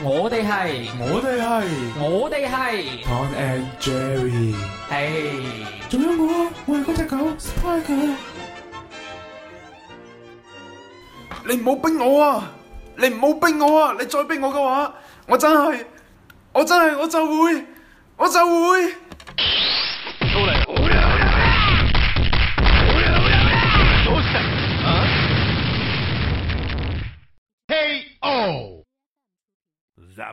我哋係，我哋係，我哋係。Tom and Jerry，係。仲有我，我係嗰隻狗，Spy 狗。你唔好逼我啊！你唔好逼我啊！你再逼我嘅話，我真係，我真係我就會，我就會。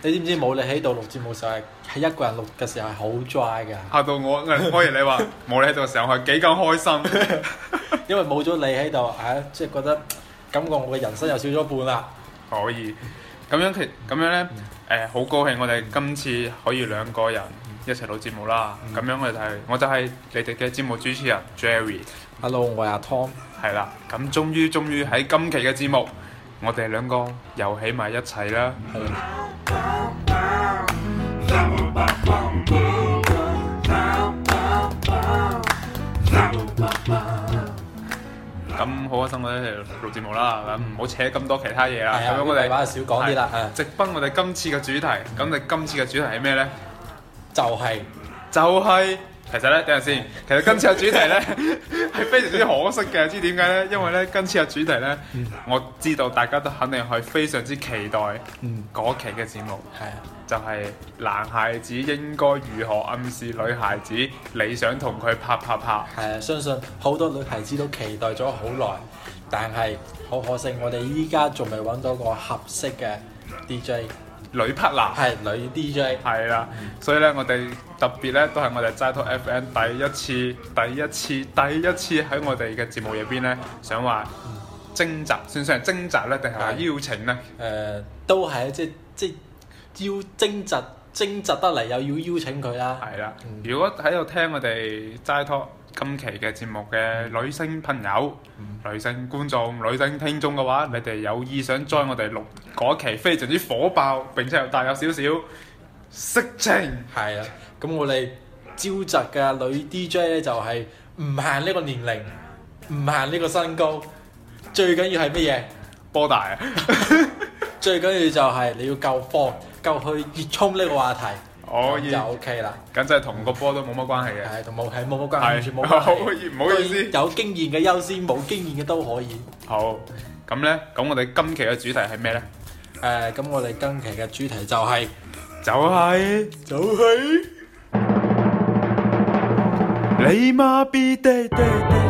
你知唔知冇你喺度錄節目時係係一個人錄嘅時候係好 dry 嘅，嚇到我。歡迎 你話冇你喺度嘅時候係幾咁開心， 因為冇咗你喺度，唉、啊，即、就、係、是、覺得感覺我嘅人生又少咗半啦。可以咁樣其咁樣咧，誒好、嗯欸、高興我哋今次可以兩個人一齊錄節目啦。咁、嗯、樣我哋、就是、我就係你哋嘅節目主持人 Jerry。Hello，我係阿 Tom。係啦，咁終於終於喺今期嘅節目。我哋兩個又起埋一齊啦，咁好開心咧！我哋錄節目啦，唔好扯咁多其他嘢啦，咁我哋話少講啲啦，啊！直奔我哋今次嘅主題，咁你今次嘅主題係咩咧？就係就係，其實咧，等陣先，其實今次嘅主題咧。非常之可惜嘅，知點解呢？因為呢，今次嘅主題呢，嗯、我知道大家都肯定係非常之期待嗰期嘅節目，係啊、嗯，就係男孩子應該如何暗示女孩子，你想同佢啪啪啪？係啊、嗯，相信好多女孩子都期待咗好耐，但係好可惜，我哋依家仲未揾到個合適嘅 DJ。女 partner 係女 DJ 係啦的，嗯、所以咧我哋特別咧都係我哋齋托 FM 第一次、第一次、第一次喺我哋嘅節目入邊咧，想話徵集，算上係徵集咧，定係邀請咧？誒、嗯呃，都係即即邀徵集，徵集得嚟，又要邀請佢啦、啊。係啦的，嗯、如果喺度聽我哋齋托。 今期嘅節目嘅女性朋友、女性觀眾、女性聽眾嘅話，你哋有意想 join 我哋錄嗰期非常之火爆，並且又帶有少少色情，係啊，咁我哋召集嘅女 DJ 呢，就係唔限呢個年齡，唔限呢個身高，最緊要係乜嘢波大，啊， 最緊要就係你要夠放夠去熱衷呢個話題。可以就 OK 啦，咁就係同個波都冇乜關係嘅，係同冇係冇乜關係，完全冇關係。可以唔好意思，有經驗嘅優先，冇經驗嘅都可以。好，咁咧，咁我哋今期嘅主題係咩咧？誒，咁我哋今期嘅主題就係，就係，就係，你媽逼爹爹。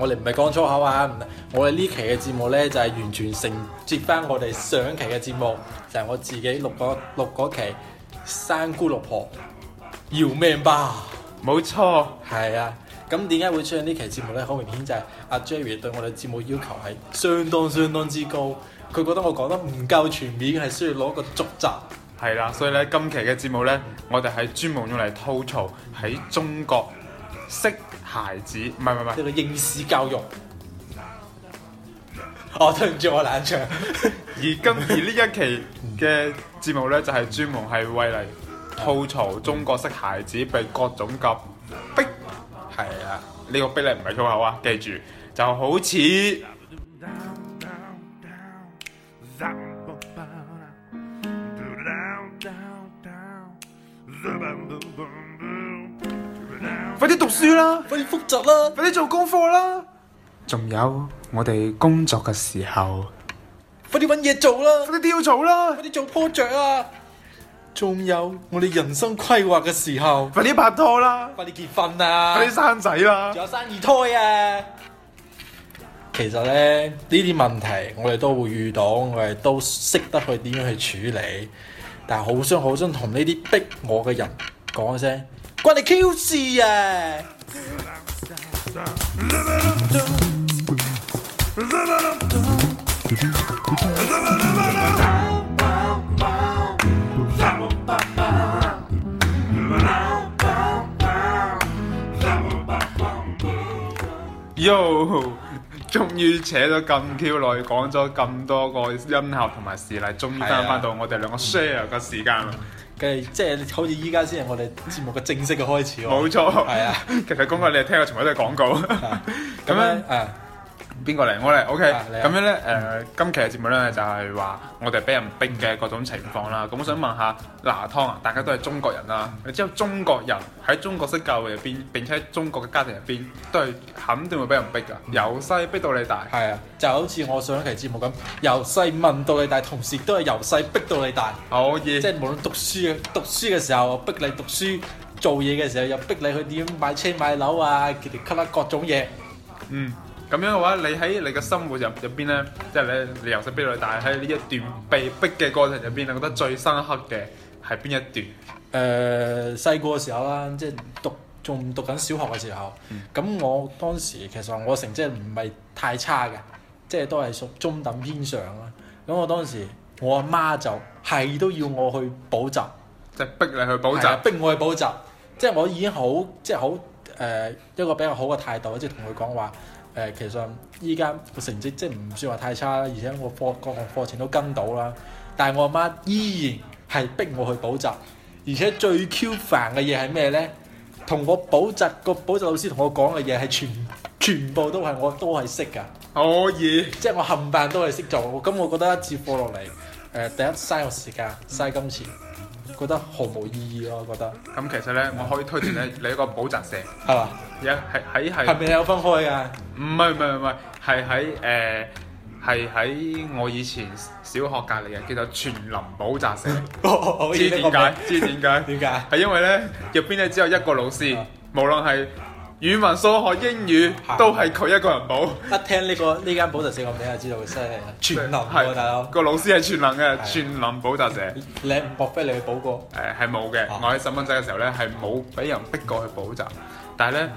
我哋唔係講粗口啊！我哋呢期嘅節目呢，就係、是、完全承接返我哋上期嘅節目，就係、是、我自己錄嗰期《三姑六婆》，要命吧！冇錯，係啊！咁點解會出現呢期節目呢？好明顯就係、是、阿、啊、Jerry 對我哋節目要求係相當相當之高，佢覺得我講得唔夠全面，係需要攞個續集。係啦、啊，所以呢，今期嘅節目呢，我哋係專門用嚟吐槽喺中國。識孩子唔係唔係叫做呢個應試教育， 我對唔住我冷場。 而今次呢一期嘅節目咧，就係、係、專門係為嚟吐槽中國式孩子被各種夾逼。係啊，呢、呢個逼咧唔係粗口啊，記住就好似。快啲讀書啦！快啲複習啦！快啲做功課啦！仲有我哋工作嘅時候，快啲搵嘢做啦！快啲跳槽啦！快啲做 project 啊！仲有我哋人生規劃嘅時候，快啲拍拖啦！快啲結婚啊！快啲生仔啦！仲有生二胎啊！其實咧呢啲問題我哋都會遇到，我哋都識得去點樣去處理，但好想好想同呢啲逼我嘅人講一聲。關你 Q 事呀，啊！Yo。終於扯咗咁 Q 耐，講咗咁多個音效同埋事例，終於翻返到我哋兩個 share 嘅時間啦。嘅即係好似依家先係我哋節目嘅正式嘅開始喎。冇錯，係啊。其實今日你係聽緊全部都係廣告。咁樣啊。邊個嚟？我嚟。O K，咁樣咧，誒、嗯呃，今期嘅節目咧就係、是、話我哋俾人逼嘅各種情況啦。咁我想問下，拿湯啊，大家都係中國人啦、啊，之後中國人喺中國式教育入邊，並且喺中國嘅家庭入邊，都係肯定會俾人逼噶，嗯、由細逼到你大。係啊，就好似我上一期節目咁，由細問到你大，同時都係由細逼到你大。可以意，即係無論讀書啊，讀書嘅時候逼你讀書，做嘢嘅時候又逼你去點買車買樓啊，結結卡啦各種嘢。嗯。咁樣嘅話，你喺你嘅生活入入邊咧，即係你你由曬邊度？但係喺呢一段被迫嘅過程入邊，你覺得最深刻嘅係邊一段？誒細個嘅時候啦，即係讀仲讀緊小學嘅時候，咁、嗯、我當時其實我成績唔係太差嘅，即係都係屬中等偏上啦。咁我當時我阿媽就係都要我去補習，即係逼你去補習、啊，逼我去補習。即係我已經好即係好誒一個比較好嘅態度，即係同佢講話。誒其實依家個成績即係唔算話太差啦，而且我課各個課程都跟到啦，但係我阿媽依然係逼我去補習，而且最 Q 煩嘅嘢係咩呢？同我補習個補習老師同我講嘅嘢係全全部都係我都係識㗎，可以、oh yeah，即係我冚唪唥都係識做，咁我覺得一節課落嚟，誒第一嘥我時間，嘥金錢。覺得毫無意義咯，我覺得。咁其實呢，我可以推薦你嚟一個補習社，係嘛？而係係。係咪有分開㗎？唔係唔係唔係，係喺誒係喺我以前小學隔離嘅，叫做全林補習社。知點解？知點解？點解？係因為呢，入邊呢，只有一個老師，無論係。語文、數學、英語都係佢一個人補。一聽呢個呢間補習社個名就知道佢犀利全能嘅大佬，個老師係全能嘅，全能補習社。你唔搏俾你去補過？誒，係冇嘅。我喺細蚊仔嘅時候咧，係冇俾人逼過去補習，但係咧。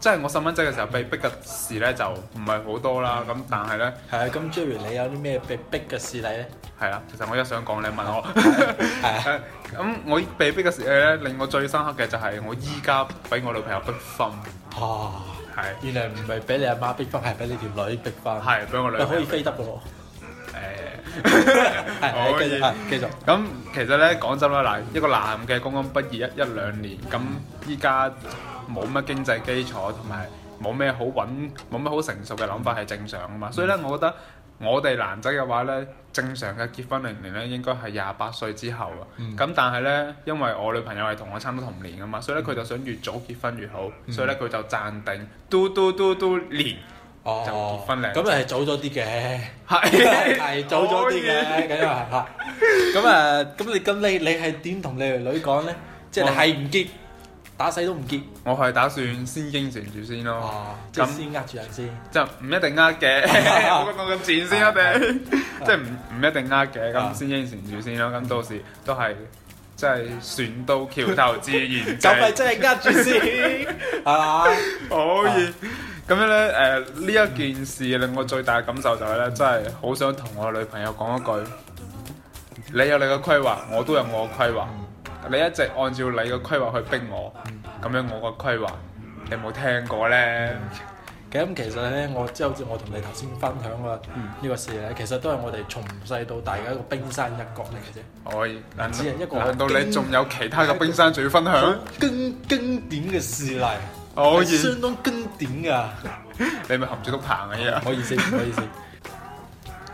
即係我細蚊仔嘅時候被逼嘅事咧，就唔係好多啦。咁但係咧，係啊。咁 Javier，你有啲咩被逼嘅事例咧？係啊，其實我一想講你問我係啊。咁我被逼嘅事例咧，令我最深刻嘅就係我依家俾我女朋友逼婚。嚇係、哦。是原來唔係俾你阿媽逼婚，係俾你條女逼婚。係俾我女。你可以飛得喎。係 可以，繼續。咁、 嗯、 其實咧，講真啦，嗱，一個男嘅剛剛畢業一一兩年，咁依家冇乜經濟基礎，同埋冇咩好搵，冇乜好成熟嘅諗法係正常噶嘛。 所以咧，我覺得我哋男仔嘅話咧，正常嘅結婚年齡咧，應該係廿八歲之後啊。咁、 嗯、但係咧，因為我女朋友係同我差唔多同年噶嘛，所以咧，佢就想越早結婚越好，所以咧，佢就暫定嘟嘟嘟嘟年。哦，咁誒早咗啲嘅，係係早咗啲嘅，咁又係嚇。咁誒，咁你咁你你係點同你條女講咧？即係你係唔結，打死都唔結。我係打算先應承住先咯，即係先呃住人先。即係唔一定呃嘅，我我咁賤先啊定？即係唔唔一定呃嘅，咁先應承住先咯。咁到時都係即係船到橋頭自然直。咁咪即係呃住先，係嘛？可以。咁樣咧，誒、呃，呢一件事令我最大嘅感受就係咧，真係好想同我女朋友講一句：你有你嘅規劃，我都有我嘅規劃。你一直按照你嘅規劃去逼我，咁樣我嘅規劃，你有冇聽過咧？咁其實咧，我即係好似我同你頭先分享嘅呢個事咧，其實都係我哋從細到大嘅一個冰山一角嚟嘅啫。我知啊，難道一講到你，仲有其他嘅冰山仲要分享？經經典嘅事例。我相當經典噶， 你咪含住督棒啊！依家，唔好意思，唔好意思。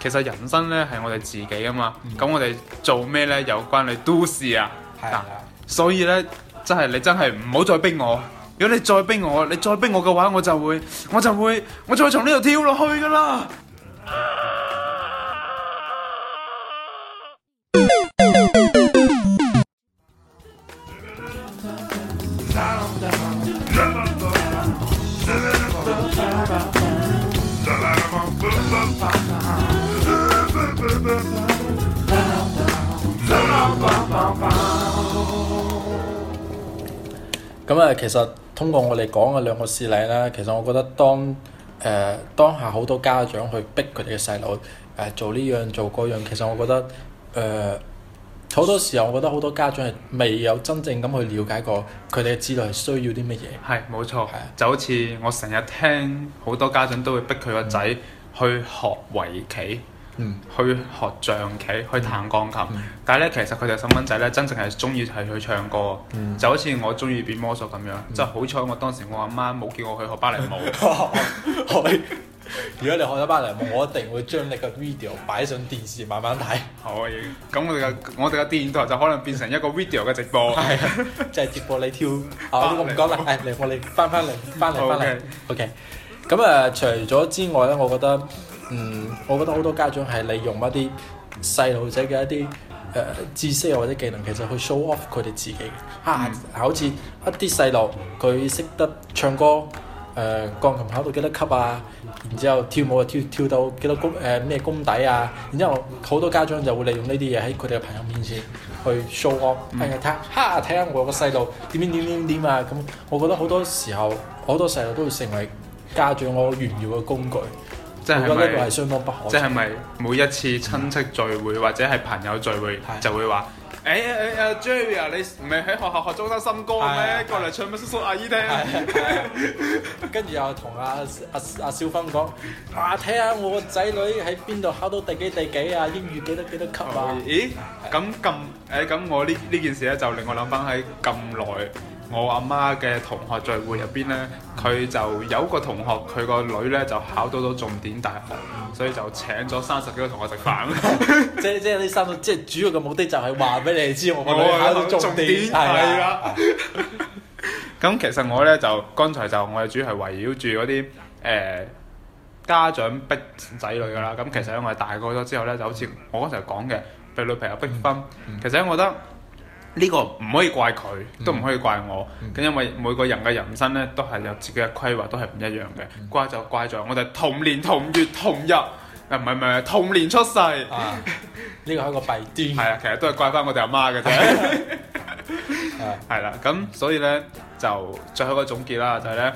其實人生咧，係我哋自己啊嘛，咁 我哋做咩咧，有關你都市啊，係啊。所以咧，真係你真係唔好再逼我。如果你再逼我，你再逼我嘅話，我就會，我就會，我就會從呢度跳落去噶啦。 咁啊，其實通過我哋講嘅兩個事例咧，其實我覺得當誒、呃、當下好多家長去逼佢哋嘅細路誒做呢樣做嗰樣，其實我覺得誒呃、好多時候，我覺得好多家長係未有真正咁去了解過佢哋嘅子女係需要啲乜嘢。係，冇錯，是就好似我成日聽好多家長都會逼佢個仔去學圍棋。去學象棋，去彈鋼琴，嗯、但係咧，其實佢哋細蚊仔咧，真正係中意係去唱歌，嗯、就好似我中意變魔術咁樣。即係、嗯、好彩，我當時我阿媽冇叫我去學芭蕾舞。可 如果你學咗芭蕾舞， 我一定會將你個 video 擺上電視慢慢睇。好， 以，咁我哋嘅我哋嘅電台就可能變成一個 video 嘅直播，係啊， 就係、是、直播你跳芭蕾，我唔講啦，誒嚟我哋翻翻嚟，翻嚟翻嚟。O K，咁啊，哎呃、除咗之外咧，我覺得。嗯，我覺得好多家長係利用一啲細路仔嘅一啲誒知識啊，呃、或者技能，其實去 show off 佢哋自己。嚇、啊，好似一啲細路佢識得唱歌，誒、呃、鋼琴考到幾多級啊？然之後跳舞啊，跳跳到幾多功誒咩功底啊？然之後好多家長就會利用呢啲嘢喺佢哋嘅朋友面前去 show off，睇下嚇，睇下我個細路點點點點點啊！咁我，啊嗯、我覺得好多時候好多細路都會成為家長我炫耀嘅工具。即係咪？即係咪每一次親戚聚會或者係朋友聚會就會話：誒誒誒，Javier，你唔係喺學校學咗新新歌咩？過嚟唱俾叔叔阿姨聽。跟住又同阿阿阿少芬講：啊，睇下我個仔女喺邊度考到第幾第幾啊？英語幾多幾多級啊？咦，咁咁誒，咁我呢呢件事咧就令我諗翻喺咁耐。我阿媽嘅同學聚會入邊呢，佢就有個同學佢個女呢就考到到重點大學，所以就請咗三十幾個同學食飯。即係呢三個，即係主要嘅目的就係話俾你知，我個女考到重點。係啦。咁、 嗯、其實我呢，就剛才就我哋主要係圍繞住嗰啲誒家長逼仔女噶啦。咁其實因為大個咗之後呢，就好似我嗰陣時講嘅被女朋友逼婚， 其實我覺得。呢個唔可以怪佢，嗯、都唔可以怪我。咁、嗯、因為每個人嘅人生呢，都係有自己嘅規劃，都係唔一樣嘅。怪就怪在我哋同年同月同日，唔係唔係，同年出世。呢個係一個弊端。係啊，其實都係怪翻我哋阿媽嘅啫。係啦、 啊，咁所以呢，就最後一個總結啦，就係、是、呢。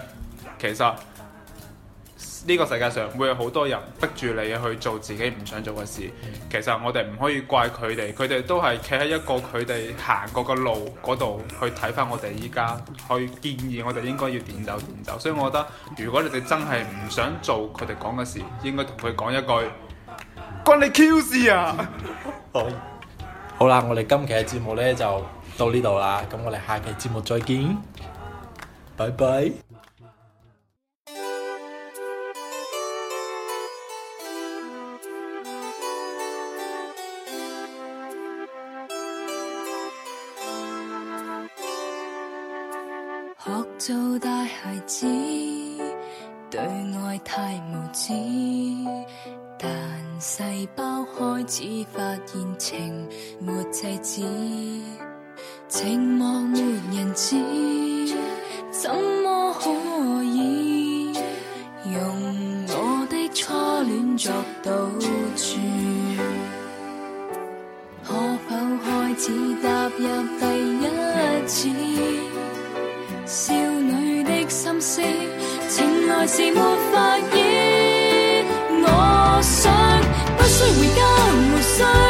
其實。呢個世界上會有好多人逼住你去做自己唔想做嘅事，其實我哋唔可以怪佢哋，佢哋都係企喺一個佢哋行過嘅路嗰度去睇翻我哋依家，去建議我哋應該要點走點走。所以我覺得如果你哋真係唔想做佢哋講嘅事，應該同佢講一句關你 Q 事啊！ 好，好啦，我哋今期嘅節目呢就到呢度啦，咁我哋下期節目再見，拜拜。學做大孩子，對愛太無知。但細胞開始發現情沒制止，寂寞沒人知，怎麼可以用我的初戀作賭注？可否開始踏入第一次？還是沒發現，我想不需回家，沒需。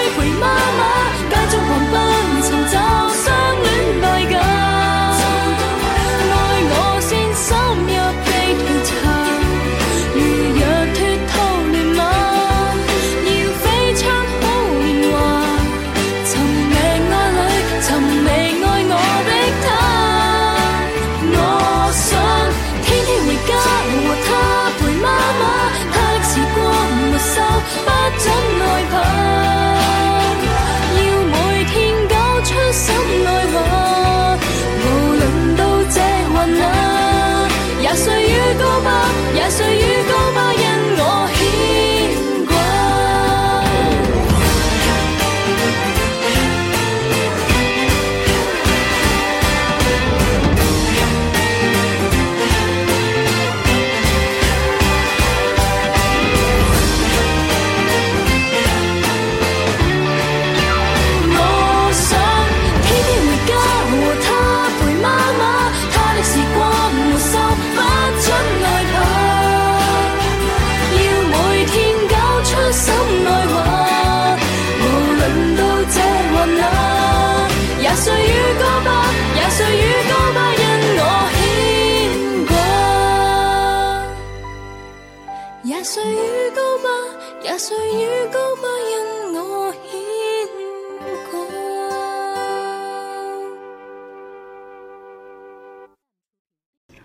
廿歲雨高不因我牽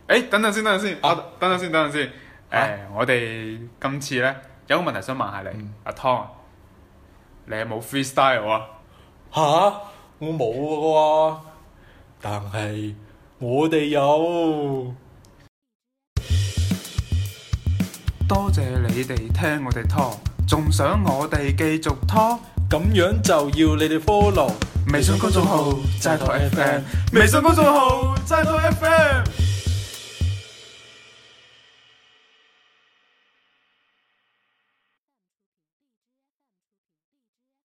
過。誒，等等先，等等先，我、啊啊、等等先，等等先。誒、啊欸，我哋今次咧有個問題想問下你，阿湯、嗯、啊，湯你有冇 freestyle 啊？吓，我冇噶喎。但係我哋有。多謝你哋聽我哋湯。仲想我哋繼續拖，咁樣就要你哋 follow 微信公眾號，齋度 FM，微信公眾號齋度 FM。